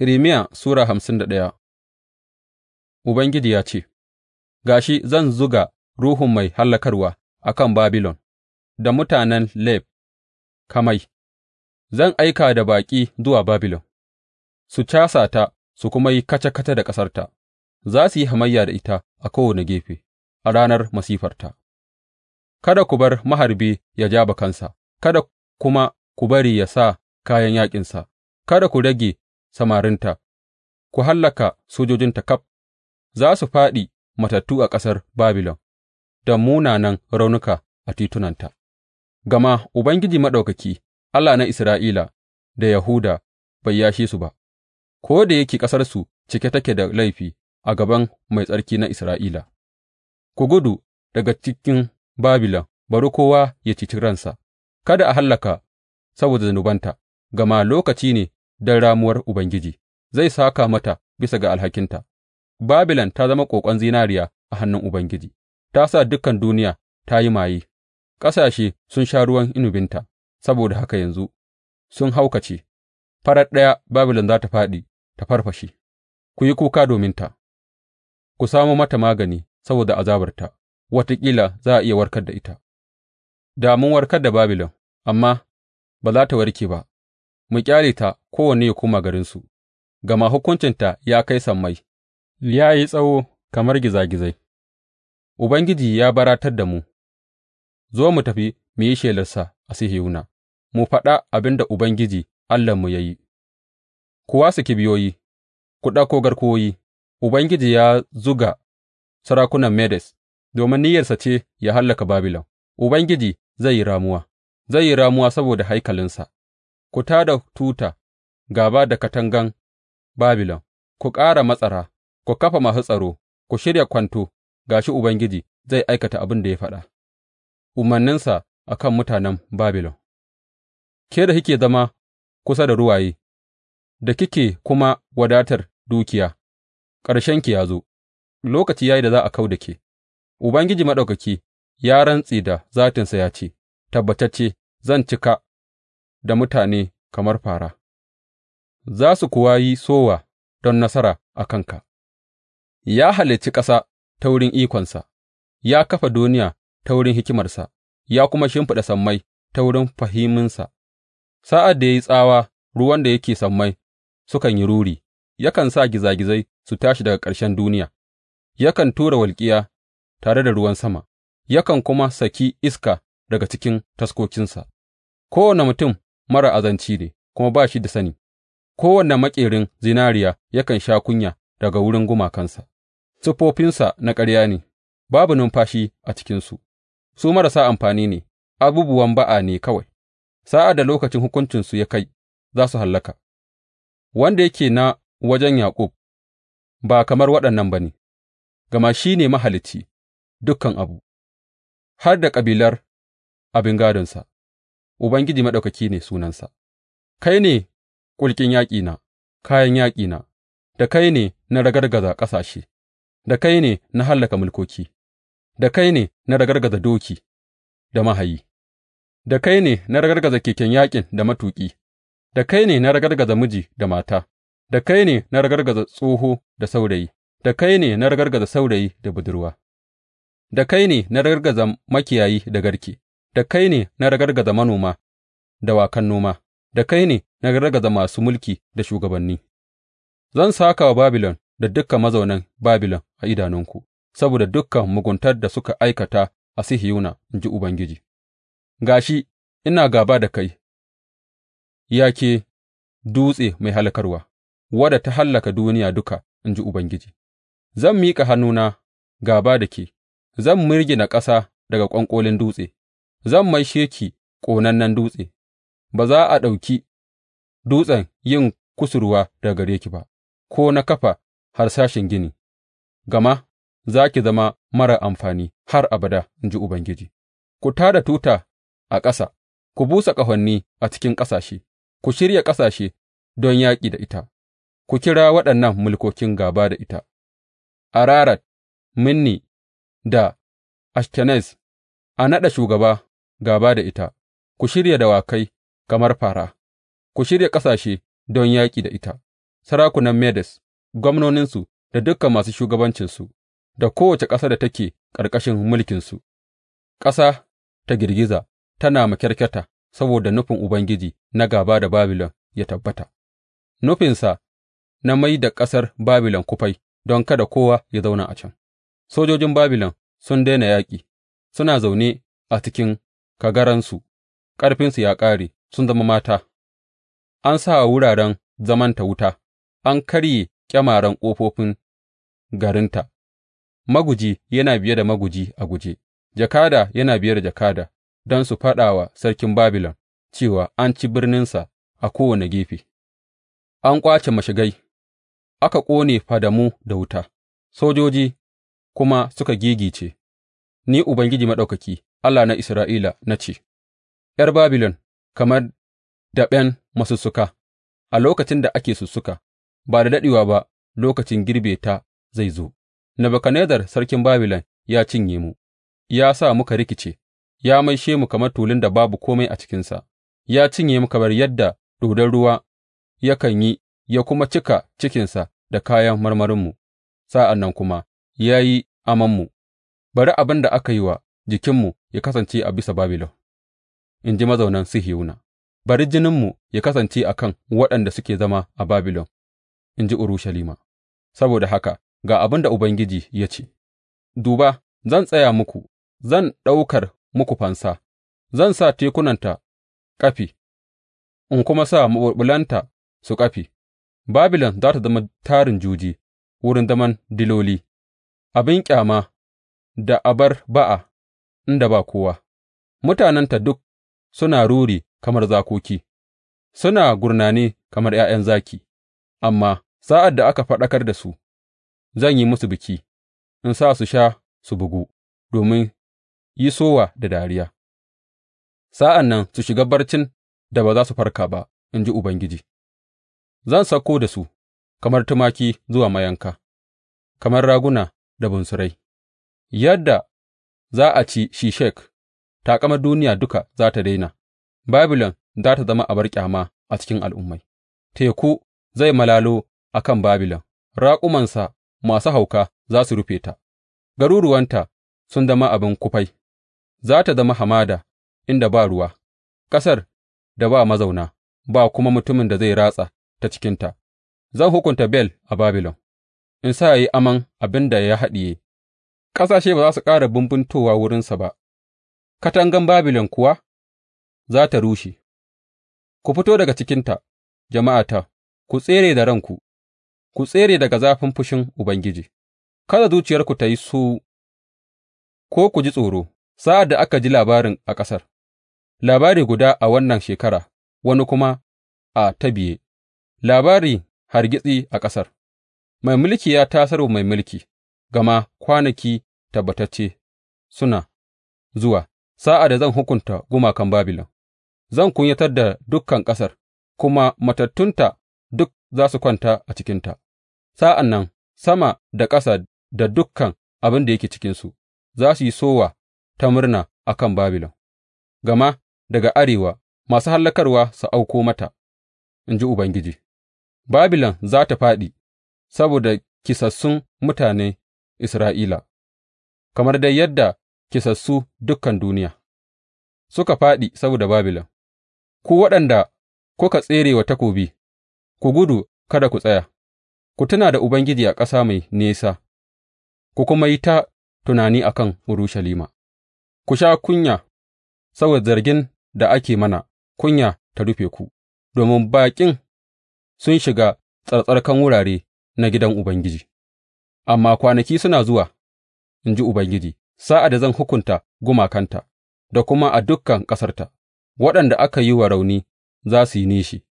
Irmiya Sura hamsin da ɗaya. Ubangiji ya ce, Ga shi zan zuga ruhun mai hallakarwa a kan Babilon da mutanen Leb kamai, zan aika da baƙi zuwa Babilon, su casa ta su kuma yi kaca kaca da ƙasarta, za su yi hamayya da ita a kowane gefe a ranar masifarta. Kada ku bar maharbi ya ja bakansa, kada kuma ku bari ya sa kayan yaƙinsa, kada ku rage samarinta, ku hallaka sojojinta ƙaf, za su fāɗi matattu a ƙasar Babilon da munanan raunuka a titunanta, gama Ubangiji Maɗaukaki, Allah na Isra'ila da Yahuda bai yashe su ba, ko da yake ƙasarsu cike take da laifi a gaban Mai Tsarki na Isra'ila. Ku gudu daga cikin Babilon, bari kowa ya cici ransa, kada a hallaka saboda zunubanta, gama lokaci ne don ramuwar Ubangiji zai sāka mata bisa ga alhakinta; Babilon ta zama ƙoƙon zinariya a hannun Ubangiji, ta sa dukan duniya ta yi maye, ƙasashe sun sha ruwan inabinta, saboda haka yanzu sun haukace, farat ɗaya Babilon za ta fāɗi ta farfashe; ku yi kuka dominta, ku samo mata magani saboda azabarta, wataƙila za a iya warkar da ita, da mun warkar da Babilon, amma ba za ta warke ba. mu ƙyale ta kowanne ya koma garinsu, gama hukuncinta ya kai sammai, ya yi tsawo kamar gizagizai. Ubangiji ya baratar da mu, zo mu tafi mu yi shelarsa a Sihiyona, mu faɗa abin da Ubangiji Allahnmu ya yi, ku wasu kibiyoyi, ku ɗauko garkuwoyi, Ubangiji ya zuga sarakunan Medes, domin niyyarsa ce ya hallaka Babilon, Ubangiji zai yi ramuwa, zai yi ramuwa saboda haikalinsa. Ku tā da tuta gāba da katangan Babilon, ku ƙara matsara, ku kafa masu tsaro, ku shirya kwanto, ga shi Ubangiji zai aikata abin da ya faɗa, umarninsa a kan mutanen Babilon, ke da kike zama kusa da ruwaye, da kike kuma wadatar dukiya, ƙarshenki ya zo, lokaci ya yi da za a kau da ke, Ubangiji Maɗaukaki ya rantse da zatinsa ya ce, Tabbatacce zan cika da mutane kamar fāra, za su kuwa yi sowa don nasara a kanka; ya halicci ƙasa ta wurin ikonsa, ya kafa duniya ta wurin hikimarsa, ya kuma shimfiɗa sammai ta wurin fahiminsa. Sa'ad da ya yi tsawa, ruwan da yake sammai sukan yi ruri, yakan sa gizagizai su tashi daga ƙarshen duniya, yakan tura walƙiya tare da ruwan sama, yakan kuma saki iska daga cikin taskokinsa; kowane mutum marar azanci ne kuma ba shi da sani; kowane maƙerin zinariya yakan sha kunya daga wurin gumakansa, siffofinsa na ƙarya ne, babu numfashi a cikinsu, su marasa amfani ne, abubuwan ba'a ne kawai; sa'ad da lokacin hukuncinsu ya kai, za su hallaka, wanda yake na wajen Yaƙub ba kamar waɗannan ba ne, gama shi ne Mahalicci Dukkan abu, har da kabilar abin gadonsa. Ubangiji Maɗaukaki ne sunansa; kai ne ƙulƙin yaƙina, kayan yaƙina, da kai ne na ragargaza ƙasashe, da kai ne na hallaka mulkoki, da kai ne na ragargaza doki da mahayi, da kai ne na ragargaza keken yaƙin da matuƙi, da kai ne na ragargaza miji da mata, da kai ne na ragargaza tsoho da saurayi, da kai ne na ragargaza saurayi da budurwa, da kai ne na ragargaza makiyayi da garke. da kai ne na ragargaza manoma da wakan noma, da kai ne na ragargaza masu mulki da shugabanni; zan sāka wa Babilon da dukan mazaunan Babilon a idanunku saboda dukan muguntar da suka aikata a sihiyuna in ji Ubangiji, Ga shi, ina gaba da kai, ya ke dutse mai halakarwa. wadda ta hallaka duniya duka, in ji Ubangiji, zan miƙa hannuna gaba da ke, zan mirgina ƙasa daga ƙwanƙolin dutse. Zan maishe ki ƙonannen dutse; ba za a ɗauki dutsen yin kusurwa daga gare ki ba ko na kafa harsashin gini, gama za ki zama marar amfani har abada, in ji Ubangiji Ku tā da tuta a ƙasa, ku busa ƙahoni a cikin ƙasashe, ku shirya ƙasashe don yaƙi da ita, ku kira waɗannan mulkokin gaba da ita, Ararat, Minni da Ashkenaz, a naɗa shugaba gāba da ita, ku shirya dawakai kamar fara, ku shirya ƙasashe don yaƙi da ita, sarakunan Medes, gwamnoninsu da dukan masu shugabancinsu, da kowace ƙasa da take ƙarƙashin mulkinsu, ƙasa ta girgiza tana makyarkyata saboda nufin Ubangiji na gaba da Babilon ya tabbata, nufinsa na mai da ƙasar Babilon kufai don kada kowa ya zauna a can. Sojojin Babilon sun daina yaƙi, suna zaune a cikin kagaransu, ƙarfinsu ya ƙare, sun zama mata, an sa wa wuraren zamanta wuta, an karye ƙyamaren ƙofofin garinta, maguji yana biye da maguji a guje, jakada yana biye da jakada don su faɗa wa sarkin Babilon cewa an ci birninsa a kowane gefe, an ƙwace mashigai, aka ƙone fadamu da wuta, sojoji kuma suka gigice. Ni Ubangiji Maɗaukaki. Allah na Isra'ila, na ce, ’Yar Babilon kamar daɓen masussuka, a lokacin da ake sussuka, ba da daɗewa ba lokacin girbe ta zai zo, Nebukadnezzar sarkin Babilon ya cinye mu, ya sa muka rikice, ya maishe mu kamar tulun da babu komai a cikinsa, ya cinye mu kamar yadda dodon ruwa yakan yi ya kuma cika cikinsa da kayan marmarinmu, sa'an nan kuma ya yi amanmu, bari abin da aka yi wa jikinmu ya kasance a bisa Babilon, in ji mazaunan Sihiyuna, bari jininmu ya kasance a kan waɗanda suke zama a Babilon, in ji Urushalima. Saboda haka ga abin da Ubangiji ya ce, Duba, zan tsaya muku, zan ɗaukar muku fansa, zan sa tekunanta ƙafi, in kuma sa maɓulɓulanta su ƙafi. Babilon za ta zama tarin juji, wurin zaman diloli, abin ƙyama da abar ba'a inda ba kowa; mutanenta duk suna ruri kamar zakoki, suna gurnani kamar ’ya'yan zaki, amma sa'ad da aka faɗakar da su, zan yi musu biki in sa su sha su bugu domin yi sowa da dariya, sa'an nan su shiga barcin da ba za su farka ba, in ji Ubangiji; zan sauko da su kamar tumaki zuwa mayanka, kamar raguna da bunsurai, yadda za a ci Shishak, taƙamar duniya duka za tă daina, Babilon za ta zama abar ƙyama a cikin al'ummai, teku zai malalo a kan Babilon, raƙumansa masu hauka za su rufe ta, garuruwanta sun zama abin kufai, za ta zama hamada inda ba ruwa, ƙasar da ba mazauna, ba kuma mutumin da zai ratsa ta cikinta. Zan hukunta Bel a Babilon, in sa ya yi aman abin da ya haɗiye. ƙasashe ba za su ƙara bumbuntowa wurinsa ba, katangan Babilon kuwa za ta rushe. Ku fito daga cikinta, jama'ata, ku tsere da ranku, ku tsere daga zafin fushin Ubangiji, kada zuciyarku ta yi su ko ku ji tsoro sa'ad da aka ji labarin a ƙasar, labari guda a wannan shekara, wani kuma a ta biye, labari hargitsi a ƙasar, mai mulki ya tasar wa mai mulki. gama kwanaki tabbatacce suna zuwa sa'ad da zan hukunta gumakan Babilon; zan kunyatar da dukan ƙasar, kuma matattunta duk za su kwanta a cikinta; sa'an nan sama da ƙasa da dukan abin da yake cikinsu za su yi sowa ta murna a kan Babilon, gama daga arewa masu hallakarwa su auko mata, in ji Ubangiji; Babilon za ta fāɗi saboda kisassun mutane Isra'ila, kamar dai yadda kisassu dukan duniya suka fāɗi saboda Babilon, ku waɗanda kuka tsere wa takobi, ku gudu kada ku tsaya; ku tuna da Ubangiji a ƙasa mai nesa ku kuma yi ta tunani a kan Urushalima, ku sha kunya saboda zargin da ake mana, kunya ta rufe ku, domin baƙin sun shiga tsartsarkan wurare na gidan Ubangiji. Amma kwanaki suna zuwa, in ji Ubangiji, sa'ad da zan hukunta gumakanta da kuma a dukan ƙasarta, waɗanda aka yi wa rauni za su yi nishi,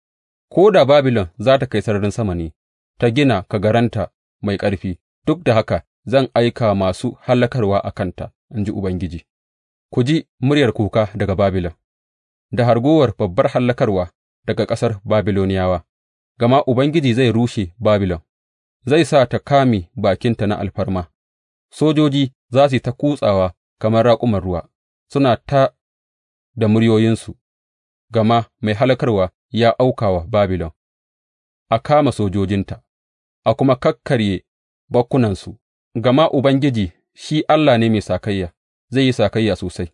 ko da Babilon za ta kai sararin sama ne, ta gina kagaranta mai ƙarfi, duk da haka zan aika masu hallakarwa a kanta, in ji Ubangiji. Ku ji muryar kuka daga Babilon, da hargowar babbar hallakarwa daga ƙasar Babiloniyawa, gama Ubangiji zai rushe Babilon zai sa ta kame bakinta na alfarma, sojoji za su yi ta kutsawa kamar raƙuman ruwa, suna ta da muryoyinsu, gama mai halakarwa ya auka wa Babilon, a kama sojojinta, a kuma kakkarye bakkunansu, gama Ubangiji shi Allah ne mai sakayya, zai yi sakayya sosai,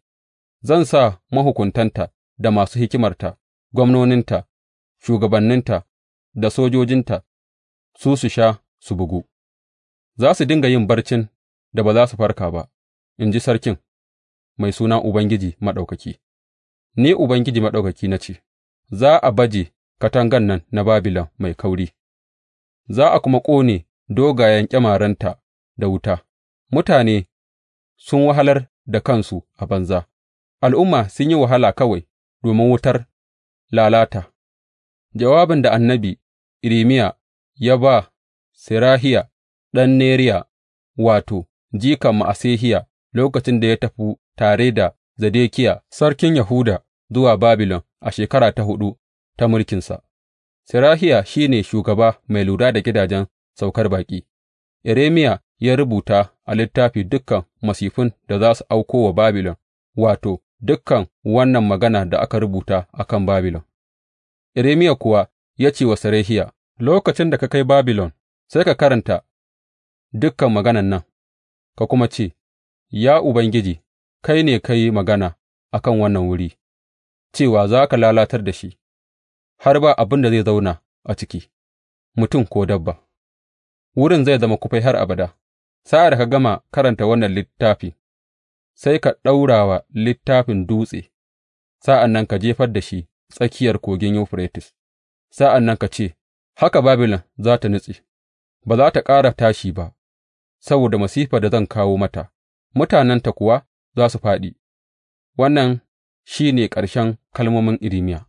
zan sa mahukuntanta da masu hikimarta, gwamnoninta, shugabanninta da sojojinta, su su sha su bugu, za su dinga yin barcin da ba za su farka ba, in ji sarkin mai suna Ubangiji Maɗaukaki. Ni Ubangiji Maɗaukaki na ce, Za a baje katangan nan na Babilon mai kauri, za a kuma ƙone dogayen ƙyamarenta da wuta, mutane sun wahalar da kansu a banza, al'umma sun yi wahala kawai domin wutar lalata. Jawabin da annabi Irmiya ya ba Serahiya ɗan Neriya, wato, jikan Ma'asehiya, lokacin da ya tafi tare da Zedekiya sarkin Yahuda zuwa Babilon a shekara ta huɗu ta mulkinsa, Serahiya shi ne shugaba mai lura da gidajen saukar baƙi, Irmiya ya rubuta a littafi dukkan masifin da za su auko wa Babilon, wato, dukkan wannan magana da aka rubuta a kan Babilon, Irmiya kuwa ya ce wa Serahiya, Lokacin da ka kai Babilon. sai ka karanta dukan maganan nan, ka kuma ce, Ya Ubangiji, kai ne ka yi magana a kan wannan wuri, cewa za ka lalatar da shi, har ba abin da zai zauna a ciki, mutum ko dabba, wurin zai zama kufai har abada. Sa'ad da ka gama karanta wannan littafi, sai ka ɗaura wa littafin dutse, sa'an nan ka jefar da shi tsakiyar kogin Yuferites, sa'an nan ka ce, Haka Babilon za ta nutse, ba za tă ƙara tashi ba saboda masifar da zan kawo mata, mutanenta kuwa za su fāɗi.’ Wannan shi ne ƙarshen kalmomin Irmiya.